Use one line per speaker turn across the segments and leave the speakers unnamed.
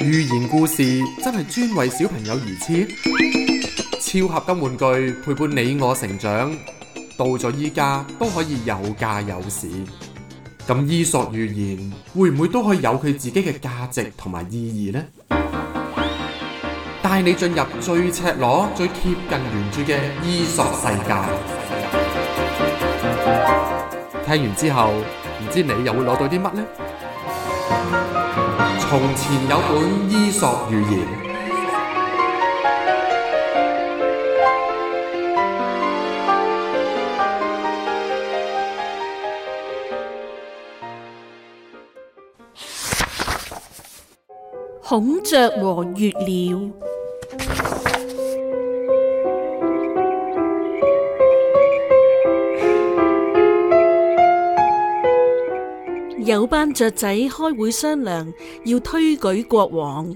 寓言故事真係專為小朋友而設，超合金玩具陪伴你我成長，到咗依家都可以有價有市。咁伊索寓言會唔會都可以有佢自己嘅價值同埋意義呢？帶你進入最赤裸、最貼近原著嘅伊索世界。聽完之後，唔知你又會攞到啲乜呢？從前有本伊索寓言，
孔雀和穴鳥。有班雀仔開會商量要推舉國王。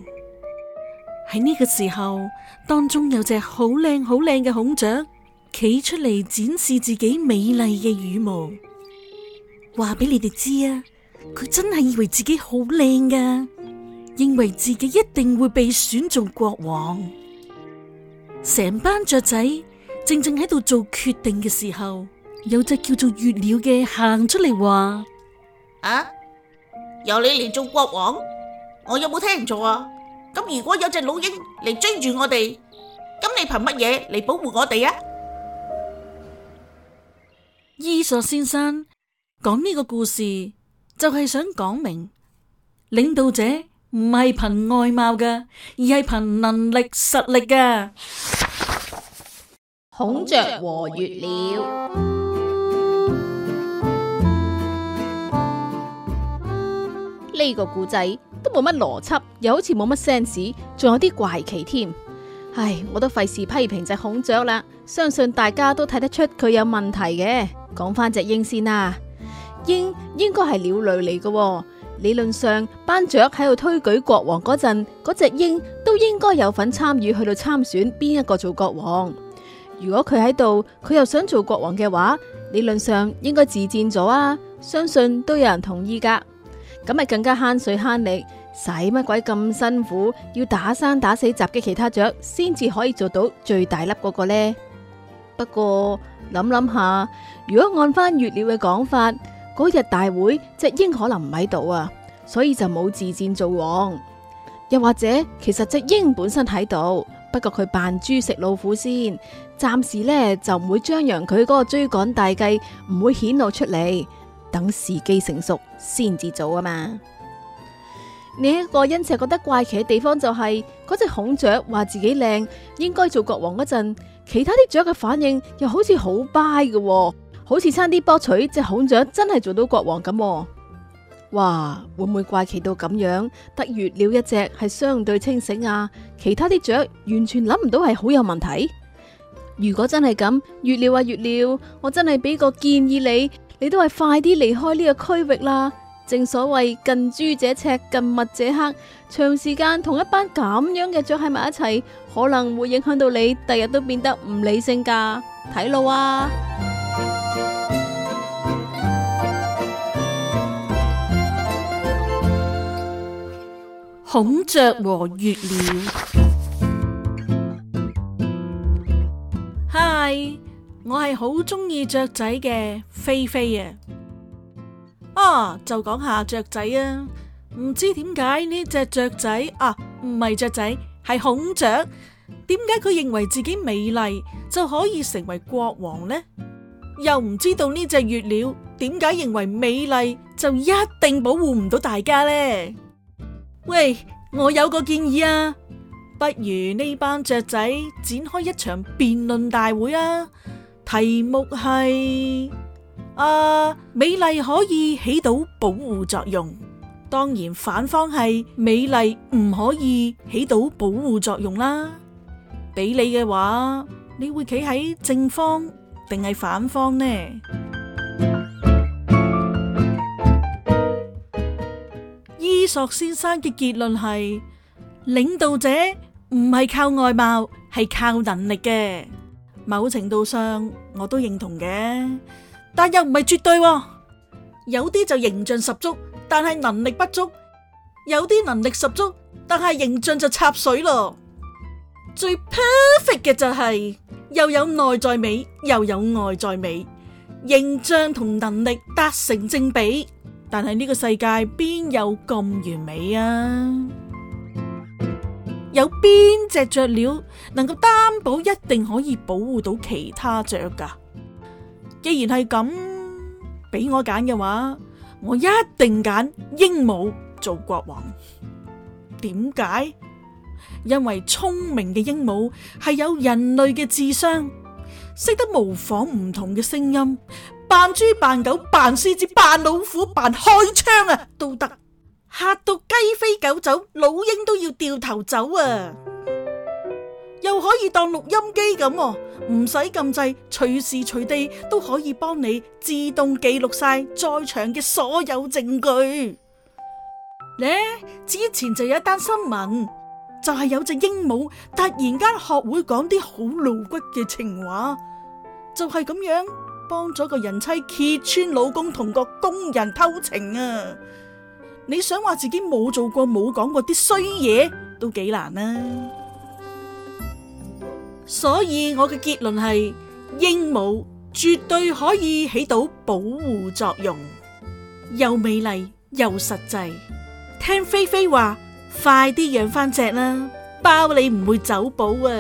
喺呢個時候，當中有隻好靚好靚嘅孔雀企出嚟展示自己美麗嘅羽毛，話俾你哋知啊！佢真係以為自己好靚㗎，認為自己一定會被選做國王。成班雀仔正正喺度做決定嘅時候，有隻叫做穴鳥嘅行出嚟話。啊！由你嚟做國王，我有冇聽錯啊？咁如果有隻老鷹嚟追住我哋，咁你憑乜嘢嚟保護我哋啊？伊索先生講呢個故事就係想講明，領導者唔係憑外貌嘅，而係憑能力實力嘅。孔雀
和穴鳥。呢個故仔都冇乜邏輯，又好似冇乜 sense，仲有啲怪奇添。唉，我都費事批評隻孔雀啦，相信大家都睇得出佢有問題嘅。講翻隻鷹先啦。鷹應該係鳥類嚟嘅。哦，理論上班雀喺度推舉國王嗰陣，嗰隻鷹都應該有份參與去到參選邊一個做國王。如果佢喺度，佢又想做國王嘅話，理論上應該自薦咗啊，相信都有人同意噶。咁咪更加慳水慳力，使乜鬼咁辛苦？要打生打死襲擊其他雀，先至可以做到最大粒嗰個呢？不過諗諗下，如果按翻穴鳥嘅講法，嗰日大會隻鷹可能唔喺度啊，所以就冇自薦做王。又或者，其實隻鷹本身喺度，不過佢扮豬食老虎先，暫時呢就唔會張揚佢嗰個追趕大計，唔會顯露出嚟。等時機成熟先至做啊嘛！另一個因此覺得怪奇嘅地方就係、是，嗰隻孔雀話自己靚，應該做國王嗰陣，其他啲雀嘅反應又好似好 buy 嘅，好似差啲博取隻孔雀真係做到國王咁、喎。哇！會唔會怪奇到咁樣？得穴鳥一隻係相對清醒啊，其他啲雀完全諗唔到係好有問題。如果真係咁，穴鳥啊穴鳥，我真係俾個建議你。你都係快啲離開呢個區域啦！正所謂近朱者赤，近墨者黑。長時間同一班咁樣嘅雀喺埋一齊，可能會影響到你第日都變得唔理性㗎。睇路啊！
孔雀和穴鳥，Hi。我係好中意雀仔嘅菲菲啊，啊，啊！啊，就講下雀仔啊，唔知點解呢隻雀仔啊，唔係雀仔係孔雀，點解佢認為自己美麗就可以成為國王呢？又唔知道呢隻穴鳥點解認為美麗就一定保護唔到大家呢？喂，我有個建議啊，不如呢班雀仔展開一場辯論大會啊！題目係，啊，美麗可以起到保護作用，當然反方係美麗唔可以起到保護作用啦。俾你嘅話，你會企喺正方定係反方呢？伊索先生嘅結論係，領導者唔係靠外貌，係靠能力嘅。某程度上我都認同嘅，但又唔係絕對。有啲就形象十足，但係能力不足；有啲能力十足，但係形象就插水咯。最 perfect 嘅就係又有內在美，又有外在美，形象同能力達成正比。但係呢個世界邊有咁完美啊？有邊隻雀鳥能夠擔保一定可以保護到其他雀㗎？既然係咁，俾我揀嘅話，我一定揀鸚鵡做國王。點解？因為聰明嘅鸚鵡係有人類嘅智商，識得模仿唔同嘅聲音，扮豬、扮狗、扮獅子、扮老虎、扮開槍啊，都得。吓到雞飛狗走，老鷹都要掉頭走啊！又可以當錄音機咁、啊，唔使撳掣，隨時隨地都可以幫你自動記錄晒在場嘅所有證據。咧之前就有一單新聞，就係、是、有隻鸚鵡突然間學會講啲好露骨嘅情話，就係、是、咁樣幫咗個人妻揭穿老公同個工人偷情啊！你想話自己冇做過，冇講過啲衰嘢，都幾難啦，啊，所以我嘅結論係鸚鵡絕對可以起到保護作用，又美麗又實際。聽菲菲話，快啲養翻隻啦，包你唔會走寶啊！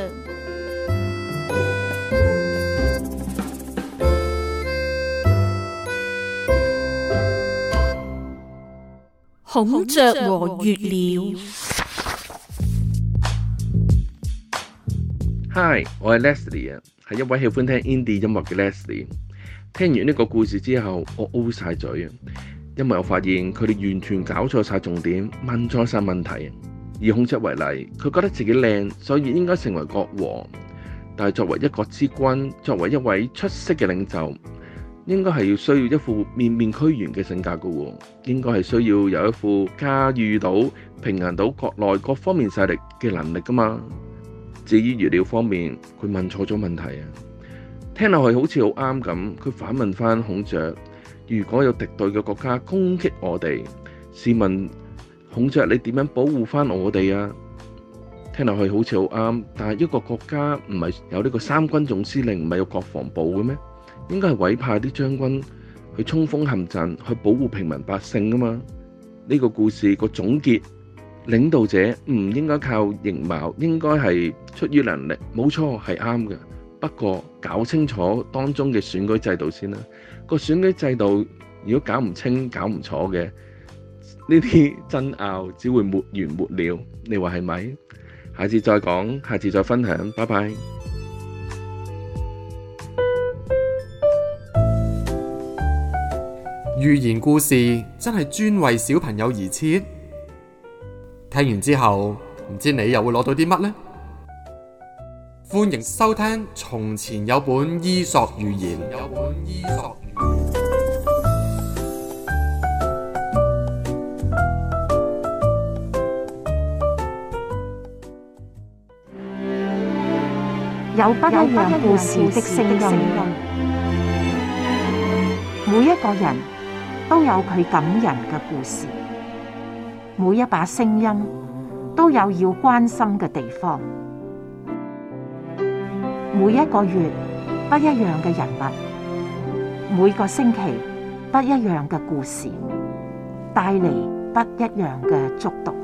孔雀
和穴鳥。Hi，我係 Leslie 啊，係一位喜歡聽 Indie 音樂嘅 Leslie。聽完呢個故事之後，我 O 晒嘴啊，因為我發現佢哋完全搞錯晒重點，問錯晒問題。以孔雀為例，佢覺得自己靚，所以應該成為國王。但係作為一國之君，作為一位出色嘅領袖。應該係要需要一副面面俱圓嘅性格㗎喎，應該係需要有一副駕馭到平衡到國內各方面勢力嘅能力㗎嘛。至於預料方面，佢問錯咗問題啊！聽落去好似好啱咁，佢反問返孔雀：如果有敵對嘅國家攻擊我哋，試問孔雀你點樣保護返我哋啊？聽落去好似好啱，但係一個國家唔係有呢個三軍總司令，唔係有國防部嘅咩？應該係委派啲將軍去衝鋒陷陣，去保護平民百姓㗎嘛！呢個故事個總結，領導者唔應該靠形貌，應該係出於能力，冇錯係啱嘅。不過搞清楚當中嘅選舉制度先啦。個選舉制度如果搞唔清、搞唔錯嘅，呢啲爭拗只會沒完沒了。你話係咪？下次再講，下次再分享。拜拜。寓言故事真係專為小朋友而設，聽完之後唔知你又會攞到啲乜呢？歡迎收聽《從前有本伊索寓言》，有本伊索寓言，
有不一
樣故事的聲音，每一個人。都有佢感人嘅故事，每一把聲音都有要關心嘅地方，每一個月不一樣嘅人物，每個星期不一樣嘅故事，帶嚟不一樣嘅觸動。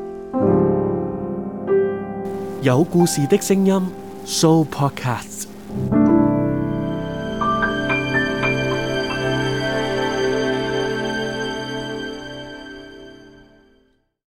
有故事的聲音，So Podcast。